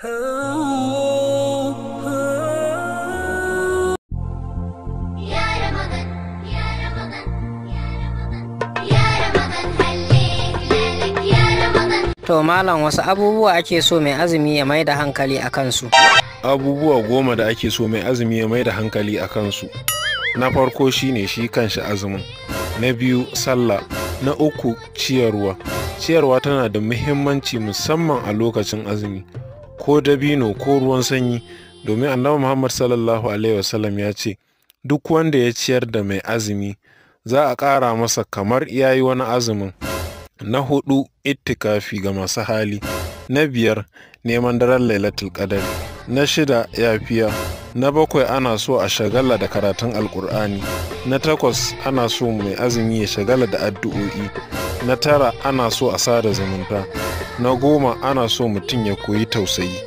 To malam wasu abubuwa ake so mai azumi ya mai da hankali a kansu. Abubuwa goma da ake so mai azumi ya mai da hankali a kansu. Na farko shine shi kanshi azumin. Na biyu sallah. Na uku ciyarwa. Ciyarwa tana da muhimmanci musamman a lokacin azumi. ko dabino ko ruwan sanyi domin annabi Muhammad sallallahu alaihi wasallam ya ce duk wanda ya ciyar da mai azumi za a ƙara masa kamar ya yi wani azumin na hudu ittikafi ga masu hali na biyar neman daren lailatul qadar na shida yafiya na bakwai ana so a shagala da karatun alkur'ani na takwas ana so mai azumi ya shagala da addu'o'i na tara ana so a sada zumunta na goma ana so mutum ya koyi tausayi